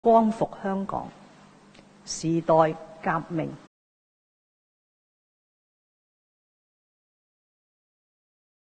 光復香港，時代革命。